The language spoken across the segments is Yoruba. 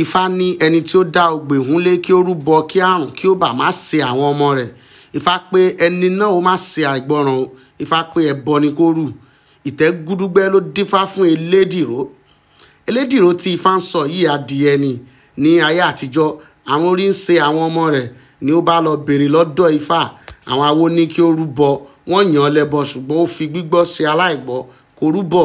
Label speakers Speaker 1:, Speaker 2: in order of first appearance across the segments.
Speaker 1: ifá ní ẹni tí ó dá ogbè húnlé kí ó rúbọ kí àrùn kí ó bà má ṣe àwọn ọmọ rẹ̀ ifá pé ẹni náà ó má ṣe àìgbọràn o ifá pé ẹbọ ni kó rù ìtẹ́ gúdúgbẹ́ ló dífá fún elédìró elédìró tí ifá ń sọ yìí adìẹ ni ní ayé àtijọ́ àwọn orí ń ṣe àwọn ọmọ rẹ̀ ni ó bá lọ bèrè lọ́dọ̀ ifá àwọn awo ní kí ó rúbọ wọ́n yàn án lẹ́bọ ṣùgbọ́n ó fi gbígbọ́ ṣe aláìgbọ́ kò rúbọ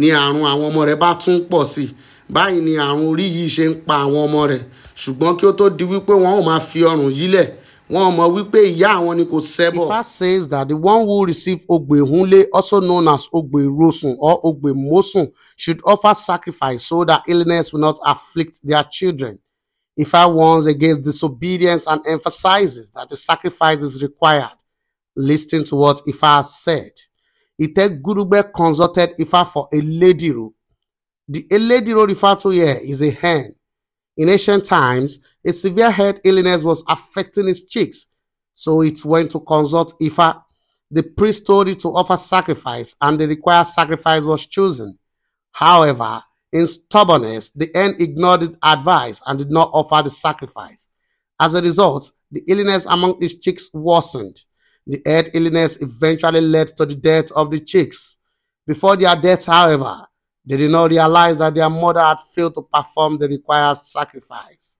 Speaker 1: ni àrùn àwọn ọmọ rẹ̀ bá tún pọ̀ sí i báyìí ni àrùn orí yìí ṣe ń pa àwọn ọmọ rẹ̀ ṣùgbọ́n kí ó tó di wípé wọn ò máa fi ọrùn yílẹ̀ wọn mọ̀ wípé ìyá àwọn ni kò ṣẹbọ. Ifá says that the one who receive ogbe hunle also known as ogbe rosun or ogbe mosun should offer sacrifice so that illness will not afflict their children. Ifá warns against disobedience and emphasizes that the sacrifice is required. Listen to what Ifá said. Itegurugbe consulted Ifá for a lady robe The Elediro referred to here is a hen. In ancient times, a severe head illness was affecting his cheeks, so it went to consult Ifa. The priest told it to offer sacrifice, and the required sacrifice was chosen. However, in stubbornness, the hen ignored the advice and did not offer the sacrifice. As a result, the illness among his chicks worsened. The head illness eventually led to the death of the chicks. Before their death, however, they did not realize that their mother had failed to perform the required sacrifice.